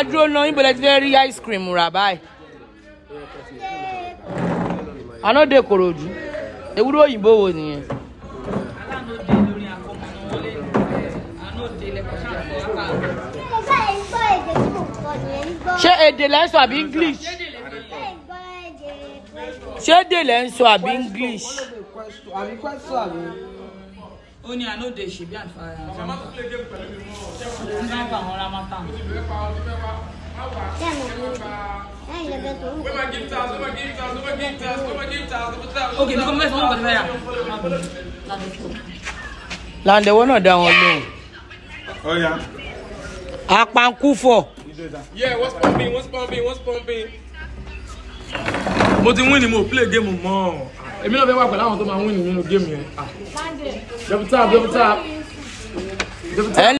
ẹ dúró náà níbo lẹ ti fẹ́ rí ice cream rà báyìí anode korodu ewúrẹ́ òyìnbó wo nìyẹn. ṣé èdè lẹ́ ń sọ àbí english ṣé èdè lẹ́ ń sọ àbí english. ó ní anode ṣe bí àǹfààní gbà wọn ramata. ok bí kò mẹ́fà wọn kò tẹ́ yà. làǹdẹ̀wọ́ náà dá wọn lóhùn. apankúfọ̀. yeah what's pumping what's pumping what's pumping. mo ti win ni play game mọ́ èmi náà fẹ́ wà pẹ̀lú àwọn tó máa win nínú game yẹn. dẹ́pútà dẹ́pútà.